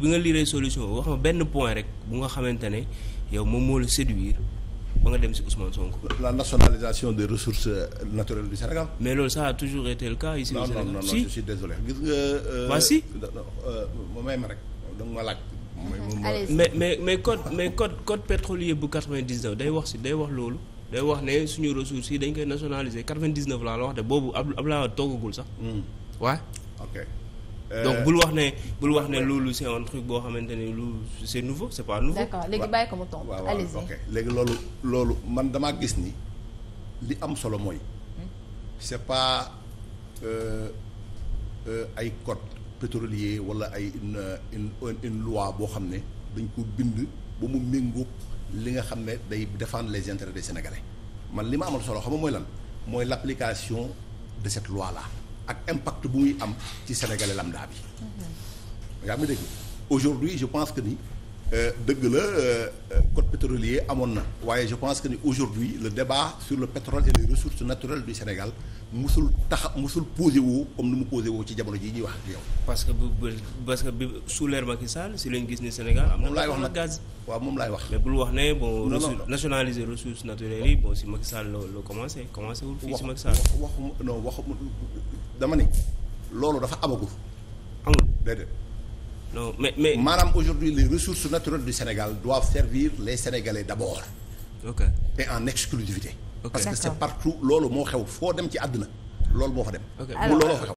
bi nga liiree solution wax ma benn point rek bu nga xamante ne yow moom moo la séduire ba nga dem ci Ousmane Sonko. la nationalisation des ressources naturelles du Sénégal. mais loolu ça a toujours été le cas ici. non euh, euh, may ma rek da nga ma laaj. mais mais mais code mais code code pétrolier bu 99 day wax si day wax loolu. day wax ne suñu ressources yi dañ koy nationaliser 99 laa la wax de boobu ab Abdoulaye toogagul sax. waa hmm. Euh, donc bul wax ne bul wax ne loolu c'est un boo xamante ne lu c'est nouveau c'est pas nouveau. d'accord léegi bàyyi ko mu tontu. allez-y ok léegi loolu loolu man damaa gis ni li am solo mooy. Hmm? c'est pas euh, euh, ay code pétrolier wala ay une une une boo xam ne dañ ko bind ba mu méngóog li nga xam ne day défendre les intérêts des Sénégalais man li ma amal solo xam mooy lan mooy l'application de cette loi là. ak impact bu muy am ci sénégalais lambda bi yaa ngi dégg aujourd'hui je pense que ni Euh, dëgg la euh, cote pétrolier amoon na waaye je pense que ni aujourd'hui le débat sur le pétrole et les ressources naturelles du Sénégal musul tax musul posé woo comme ni mu posé woo ci jamono ji ñuy wax ak yow. parce que bu parce que sous l'ère Macky Sall si lañ gis ni Sénégal. am na wax na gaz waaw moom laay wax. mais bul wax ne bon. nationaliser ressources naturel yi bon si Macky Sall la la commencé commencé wul. fii si Macky Sall waxu waxu non waxu dama ne loolu dafa amagul. amul non mais mais. maanaam aujourd'hui les ressources naturelles du Sénégal doivent servir les Sénégalais d'abord. ok et en exclusivité. Okay. parce que c'est partout loolu moo xew foo dem ci àdduna loolu moo fa dem. loolu moo fa xew.